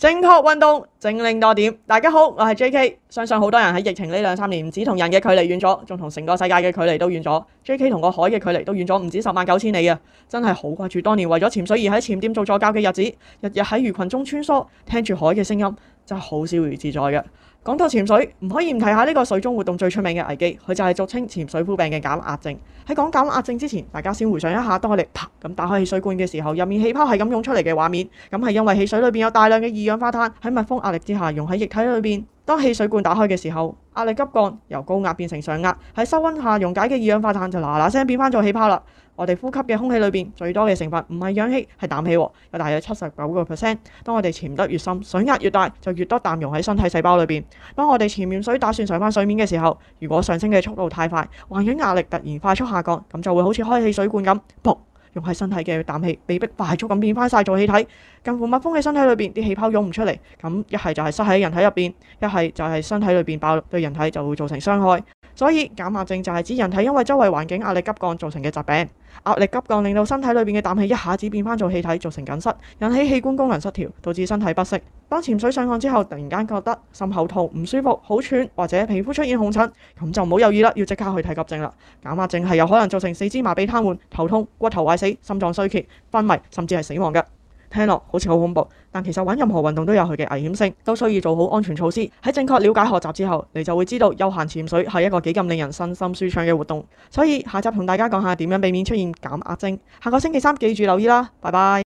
正確運動正令多點，大家好，我係 JK，相信好多人喺疫情呢兩三年唔止同人嘅距離遠咗，仲同成個世界嘅距離都遠咗，JK 同個海嘅距離都遠咗唔止十萬九千里啊！真係好掛住當年為咗潛水而喺潛店做助教嘅日子，日日喺魚群中穿梭，聽住海嘅聲音。真係好逍遙自在嘅。講到潛水，唔可以唔提下呢個水中活動最出名嘅危機，佢就係俗稱潛水夫病嘅減壓症。喺講減壓症之前，大家先回想一下，當我哋啪咁打開汽水罐嘅時候，入面氣泡係咁湧出嚟嘅畫面，咁係因為汽水裏邊有大量嘅二氧化碳喺密封壓力之下溶喺液體裏邊。當汽水罐打開嘅時候，壓力急降，由高壓變成上壓，喺室温下溶解嘅二氧化碳就嗱嗱聲變翻做氣泡啦。我哋呼吸嘅空氣裏邊最多嘅成分唔係氧氣，係氮氣，有大約七十九個 percent。當我哋潛得越深，水壓越大，就越多氮溶喺身體細胞裏邊。當我哋潛完水打算上翻水面嘅時候，如果上升嘅速度太快，環境壓力突然快速下降，咁就會好似開汽水罐咁，啵。用喺身體嘅氮氣被迫快速咁變翻晒做氣體，近乎密封喺身體裏邊啲氣泡湧唔出嚟，咁一係就係塞喺人體入邊，一係就係身體裏邊爆，對人體就會造成傷害。所以減壓症就係指人體因為周圍環境壓力急降造成嘅疾病，壓力急降令到身體裏邊嘅氮氣一下子變翻做氣體，造成緊塞，引起器官功能失調，導致身體不適。當潛水上岸之後，突然間覺得心口痛、唔舒服、好喘，或者皮膚出現紅疹，咁就唔好猶豫啦，要即刻去睇急症啦。減壓症係有可能造成四肢麻痹癱瘓、頭痛、骨頭壞死、心臟衰竭、昏迷，甚至係死亡嘅。聽落好似好恐怖，但其實玩任何運動都有佢嘅危險性，都需要做好安全措施。喺正確了解學習之後，你就會知道悠閒潛水係一個幾咁令人身心舒暢嘅活動。所以下集同大家講下點樣避免出現減壓症。下個星期三記住留意啦，拜拜。